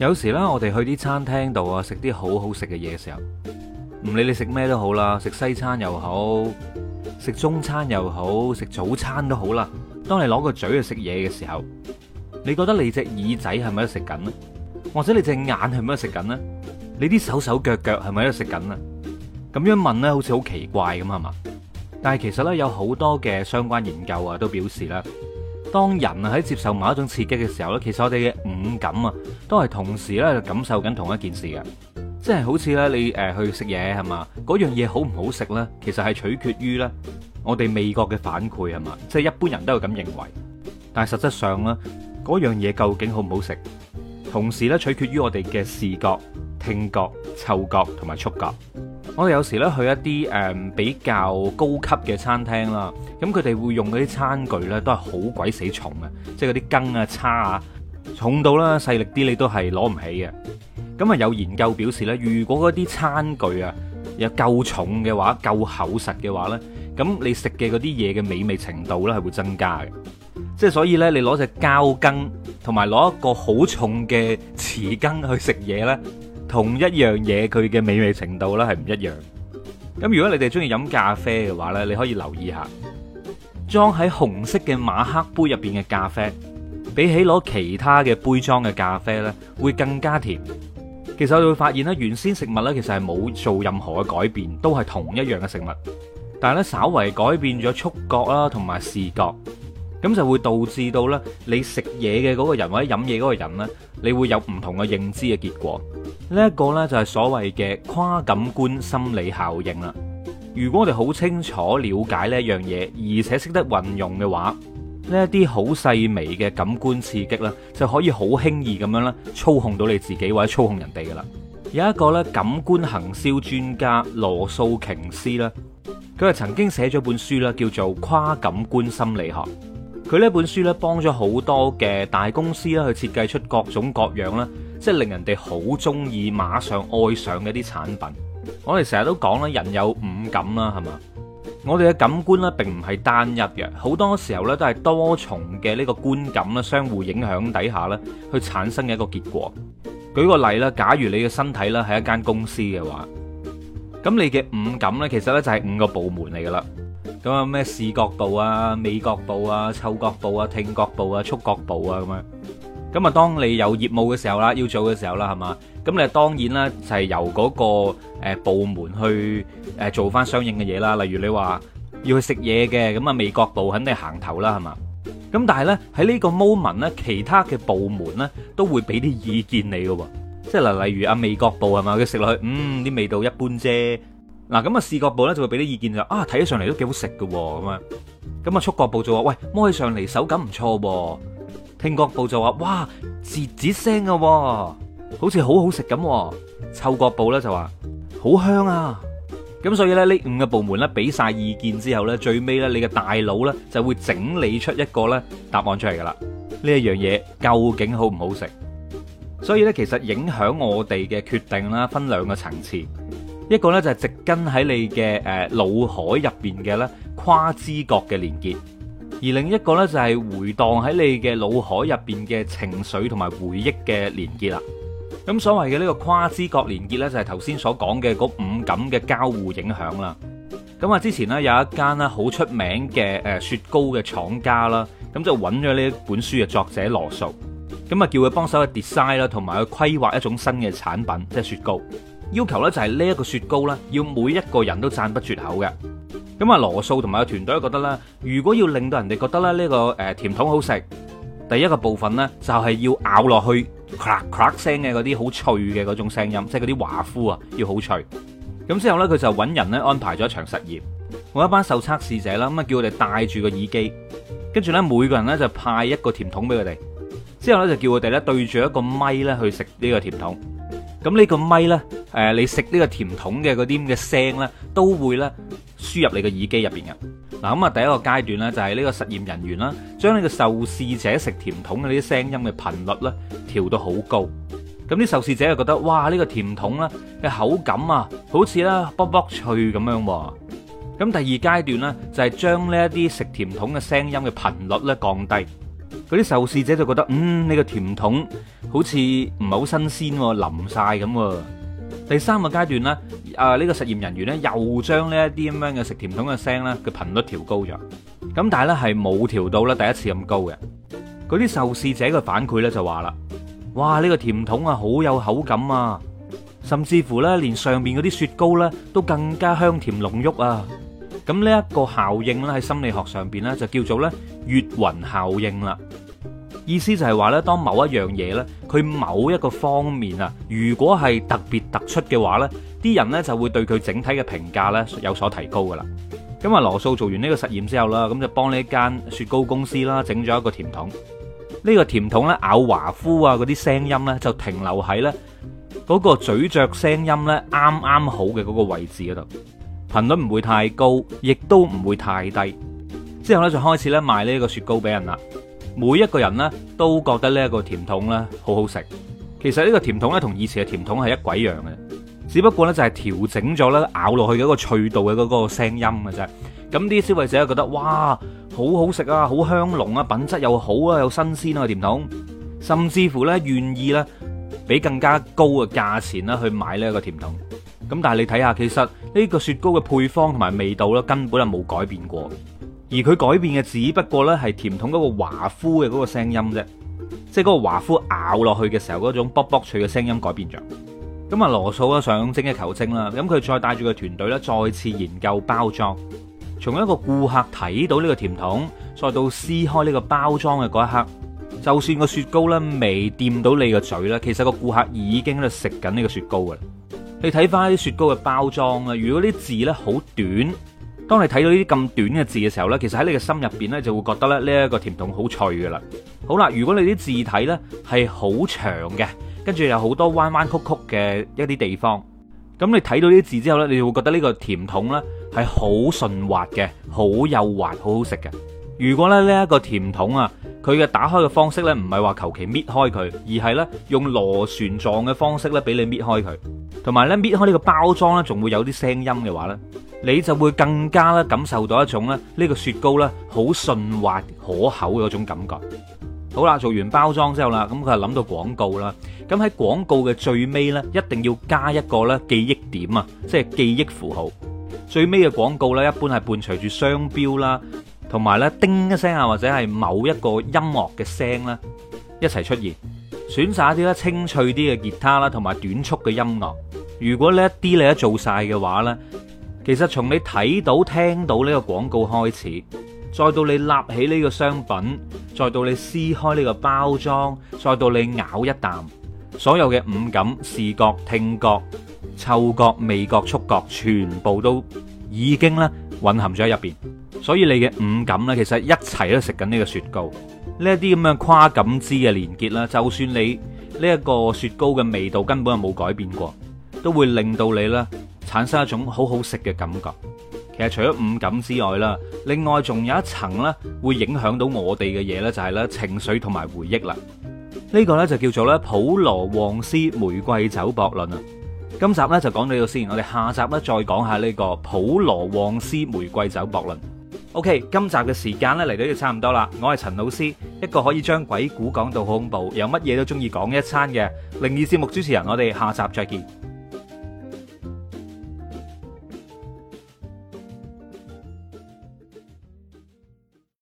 有時咧，我哋去啲餐廳度啊，食啲好好食嘅嘢嘅時候，唔理你食咩都好啦，食西餐又好，食中餐又好，食早餐都好啦。當你攞個嘴去食嘢嘅時候，你覺得你隻耳仔係咪喺度食緊呢？或者你隻眼係咪喺度食緊呢？你啲手手腳腳係咪喺度食緊啊？咁樣問咧，好似好奇怪咁係嘛？但係其實咧，有好多嘅相關研究啊，都表示咧。當人喺接受某一種刺激嘅時候咧，其實我哋嘅五感啊，都係同時咧感受緊同一件事嘅，即係好似咧你誒去食嘢係嘛，嗰樣嘢好唔好食咧，其實係取決於咧我哋味覺嘅反饋係嘛，即係一般人都係咁認為，但係實質上咧嗰樣嘢究竟好唔好食，同時咧取決於我哋嘅視覺、聽覺、嗅覺同埋觸覺。我哋有時咧去一啲誒、嗯、比較高級嘅餐廳啦，咁佢哋會用嗰啲餐具咧都係好鬼死重嘅，即係嗰啲羹啊叉啊，重到咧細力啲你都係攞唔起嘅。咁啊有研究表示咧，如果嗰啲餐具啊又夠重嘅話、夠厚實嘅話咧，咁你食嘅嗰啲嘢嘅美味程度咧係會增加嘅。即係所以咧，你攞隻膠羹同埋攞一個好重嘅匙羹去食嘢咧。同一樣嘢，佢嘅美味程度咧係唔一樣。咁如果你哋中意飲咖啡嘅話咧，你可以留意下裝喺紅色嘅馬克杯入邊嘅咖啡，比起攞其他嘅杯裝嘅咖啡咧，會更加甜。其實我哋會發現咧，原先食物咧其實係冇做任何嘅改變，都係同一樣嘅食物，但係咧稍為改變咗觸覺啦，同埋視覺，咁就會導致到咧你食嘢嘅嗰個人或者飲嘢嗰個人咧，你會有唔同嘅認知嘅結果。呢一個呢，就係所謂嘅跨感官心理效應啦。如果我哋好清楚了解呢一樣嘢，而且識得運用嘅話，呢一啲好細微嘅感官刺激呢，就可以好輕易咁樣咧操控到你自己或者操控人哋噶啦。有一個呢，感官行銷專家羅素瓊斯咧，佢係曾經寫咗本書呢，叫做《跨感官心理學》。佢呢本書呢，幫咗好多嘅大公司啦，去設計出各種各樣啦。即係令人哋好中意，馬上愛上嘅啲產品。我哋成日都講啦，人有五感啦，係嘛？我哋嘅感官咧，並唔係單一嘅，好多時候咧都係多重嘅呢個觀感啦，相互影響底下咧，去產生嘅一個結果。舉個例啦，假如你嘅身體咧係一間公司嘅話，咁你嘅五感咧，其實咧就係五個部門嚟噶啦。咁有咩？視覺部啊、味覺部啊、嗅覺部啊、聽覺部啊、觸覺部啊咁樣。等等。咁啊，當你有業務嘅時候啦，要做嘅時候啦，係嘛？咁你當然啦，就係由嗰個誒部門去誒做翻相應嘅嘢啦。例如你話要去食嘢嘅，咁啊味覺部肯定行頭啦，係嘛？咁但係咧喺呢個 moment 咧，其他嘅部門咧都會俾啲意見你嘅喎。即係嗱，例如阿味覺部係嘛，佢食落去，嗯，啲味道一般啫。嗱，咁啊視覺部咧就會俾啲意見就啊，睇起上嚟都幾好食嘅喎，咁啊咁啊觸覺部就話，喂，摸起上嚟手感唔錯喎。聽覺部就話：哇，嗞嗞聲嘅，好似好好食咁。嗅覺部咧就話，好香啊。咁所以咧，呢五個部門咧，俾晒意見之後咧，最尾咧，你嘅大腦咧就會整理出一個咧答案出嚟噶啦。呢一樣嘢究竟好唔好食？所以咧，其實影響我哋嘅決定啦，分兩個層次，一個咧就係植根喺你嘅誒腦海入邊嘅咧跨知覺嘅連結。而另一個呢，就係回蕩喺你嘅腦海入邊嘅情緒同埋回憶嘅連結啦。咁所謂嘅呢個跨知覺連結呢，就係頭先所講嘅嗰五感嘅交互影響啦。咁啊之前呢，有一間呢好出名嘅誒雪糕嘅廠家啦，咁就揾咗呢本書嘅作者羅素，咁啊叫佢幫手去 design 啦，同埋去規劃一種新嘅產品，即係雪糕，要求呢，就係呢一個雪糕呢，要每一個人都讚不絕口嘅。咁啊，羅素同埋個團隊覺得啦，如果要令到人哋覺得咧呢個誒甜筒好食，第一個部分咧就係要咬落去咔咔聲嘅嗰啲好脆嘅嗰種聲音，即係嗰啲華夫啊，要好脆。咁之後咧，佢就揾人咧安排咗一場實驗，同一班受測試者啦，咁啊叫我哋戴住個耳機，跟住咧每個人咧就派一個甜筒俾佢哋，之後咧就叫我哋咧對住一個咪咧去食呢個甜筒。咁呢個咪咧，誒你食呢個甜筒嘅嗰啲咁嘅聲咧，都會咧。輸入你嘅耳機入邊嘅嗱，咁啊第一個階段咧就係呢個實驗人員啦，將呢個受試者食甜筒嘅呢啲聲音嘅頻率咧調到好高，咁啲受試者就覺得哇呢個甜筒咧嘅口感啊好似啦，卜卜脆咁樣喎。咁第二階段咧就係將呢一啲食甜筒嘅聲音嘅頻率咧降低，嗰啲受試者就覺得嗯呢個甜筒好似唔係好新鮮，淋晒咁。第三個階段咧，啊呢個實驗人員咧又將呢一啲咁樣嘅食甜筒嘅聲咧嘅頻率調高咗，咁但係咧係冇調到咧第一次咁高嘅，嗰啲受試者嘅反饋咧就話啦：哇呢個甜筒啊好有口感啊，甚至乎咧連上面嗰啲雪糕咧都更加香甜濃郁啊！咁呢一個效應咧喺心理學上邊咧就叫做咧月暈效應啦。意思就係話咧，當某一樣嘢咧，佢某一個方面啊，如果係特別突出嘅話咧，啲人咧就會對佢整體嘅評價咧有所提高噶啦。咁啊，羅素做完呢個實驗之後啦，咁就幫呢間雪糕公司啦整咗一個甜筒。呢個甜筒咧咬華夫啊嗰啲聲音呢，就停留喺呢嗰個咀嚼聲音咧啱啱好嘅嗰個位置嗰度，頻率唔會太高，亦都唔會太低。之後呢，就開始咧賣呢個雪糕俾人啦。每一個人呢，都覺得呢一個甜筒呢好好食，其實呢個甜筒呢，同以前嘅甜筒係一鬼一樣嘅，只不過呢，就係調整咗呢咬落去嘅一個脆度嘅嗰個聲音嘅啫。咁啲消費者覺得哇，好好食啊，好香濃啊，品質又好啊，又新鮮啊，這個甜筒，甚至乎呢，願意呢俾更加高嘅價錢呢去買呢一個甜筒。咁但係你睇下，其實呢個雪糕嘅配方同埋味道呢，根本係冇改變過。而佢改變嘅，只不過咧係甜筒嗰個華夫嘅嗰個聲音啫，即係嗰個華夫咬落去嘅時候嗰種卜卜脆嘅聲音改變咗。咁啊，羅素啊想精益求精啦，咁佢再帶住個團隊呢，再次研究包裝，從一個顧客睇到呢個甜筒，再到撕開呢個包裝嘅嗰一刻，就算個雪糕咧未掂到你個嘴咧，其實個顧客已經喺度食緊呢個雪糕㗎啦。你睇翻啲雪糕嘅包裝啊，如果啲字呢好短。當你睇到呢啲咁短嘅字嘅時候呢，其實喺你嘅心入邊呢，就會覺得咧呢一個甜筒好脆嘅啦。好啦，如果你啲字體呢係好長嘅，跟住有好多彎彎曲曲嘅一啲地方，咁你睇到呢啲字之後呢，你就會覺得呢個甜筒呢係好順滑嘅，好幼滑，好好食嘅。如果咧呢一、這個甜筒啊，佢嘅打開嘅方式呢唔係話求其搣開佢，而係呢用螺旋狀嘅方式呢俾你搣開佢。同埋咧搣開呢個包裝咧，仲會有啲聲音嘅話呢，你就會更加咧感受到一種咧呢個雪糕呢好順滑、可口嗰種感覺。好啦，做完包裝之後啦，咁佢就諗到廣告啦。咁喺廣告嘅最尾呢，一定要加一個呢記憶點啊，即係記憶符號。最尾嘅廣告呢，一般係伴隨住商標啦，同埋呢叮一聲啊，或者係某一個音樂嘅聲啦，一齊出現。選擇一啲咧清脆啲嘅吉他啦，同埋短促嘅音樂。如果呢一啲你都做晒嘅話呢，其實從你睇到、聽到呢個廣告開始，再到你立起呢個商品，再到你撕開呢個包裝，再到你咬一啖，所有嘅五感、視覺、聽覺、嗅覺、味覺、觸覺，全部都已經呢混合咗喺入邊。所以你嘅五感呢，其實一齊都食緊呢個雪糕。呢一啲咁嘅跨感知嘅連結啦，就算你呢一個雪糕嘅味道根本係冇改變過，都會令到你呢產生一種好好食嘅感覺。其實除咗五感之外啦，另外仲有一層呢會影響到我哋嘅嘢呢，就係呢情緒同埋回憶啦。呢個呢就叫做呢普羅旺斯玫瑰酒悖論啊。今集呢就講到呢度先，我哋下集呢再講下呢個普羅旺斯玫瑰酒悖論。O.K. 今集嘅時間呢嚟到就差唔多啦，我係陳老師，一個可以將鬼故講到好恐怖，又乜嘢都中意講一餐嘅靈異節目主持人，我哋下集再見。